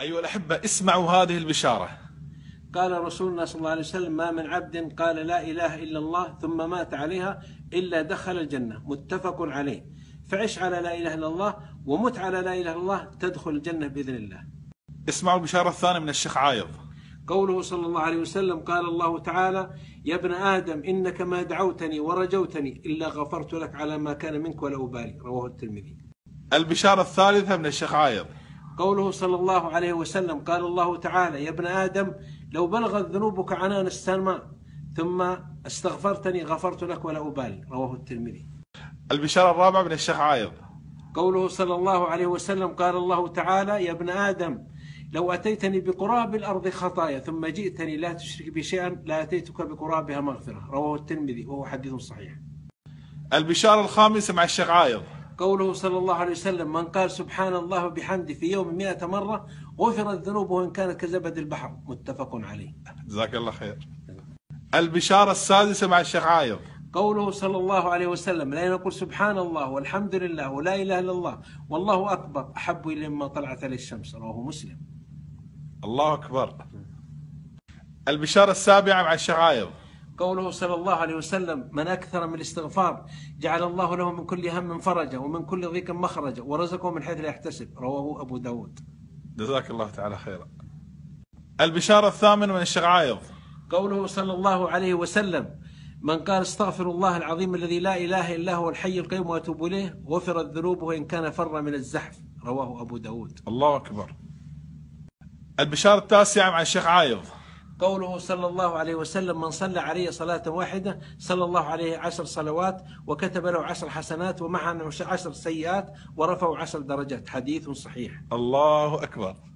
أيها الأحبة اسمعوا هذه البشارة قال رسولنا صلى الله عليه وسلم ما من عبد قال لا إله إلا الله ثم مات عليها إلا دخل الجنة متفق عليه فعش على لا إله إلا الله ومت على لا إله إلا الله تدخل الجنة بإذن الله اسمعوا البشارة الثانية من الشيخ عايض قوله صلى الله عليه وسلم قال الله تعالى يا ابن آدم إنك ما دعوتني ورجوتني إلا غفرت لك على ما كان منك ولا أبالي رواه الترمذي البشارة الثالثة من الشيخ عايض قوله صلى الله عليه وسلم قال الله تعالى يا ابن آدم لو بلغت ذنوبك عنان السماء ثم استغفرتني غفرت لك ولا أبالي رواه الترمذي البشارة الرابعة من الشيخ عايض قوله صلى الله عليه وسلم قال الله تعالى يا ابن آدم لو أتيتني بقراب الأرض خطايا ثم جئتني لا تشرك بي شيئا لا أتيتك بقرابها مغفرة رواه الترمذي وهو حديث صحيح البشارة الخامسة مع الشيخ عايض قوله صلى الله عليه وسلم من قال سبحان الله وبحمده في يوم مئة مرة غفرت ذنوبه إن كانت كزبد البحر متفق عليه جزاك الله خير البشارة السادسة مع الشيخ عايض قوله صلى الله عليه وسلم لا نقول سبحان الله والحمد لله ولا إله إلا الله والله أكبر أحب إلي مما طلعت عليه الشمس رواه مسلم الله أكبر البشارة السابعة مع الشيخ عايض قوله صلى الله عليه وسلم من أكثر من الاستغفار جعل الله له من كل هم فرجا ومن كل ضيق مخرجا ورزقه من حيث لا يحتسب رواه أبو داود جزاك الله تعالى خيرا البشارة الثامن من الشعائر قوله صلى الله عليه وسلم من قال استغفر الله العظيم الذي لا إله إلا هو الحي القيوم وأتوب إليه غفرت ذنوبه إن كان فر من الزحف رواه أبو داود الله أكبر البشارة التاسعة مع الشيخ عايض قوله صلى الله عليه وسلم من صلى علي صلاة واحدة صلى الله عليه عشر صلوات وكتب له عشر حسنات ومعه عشر سيئات ورفعوا عشر درجات حديث صحيح الله أكبر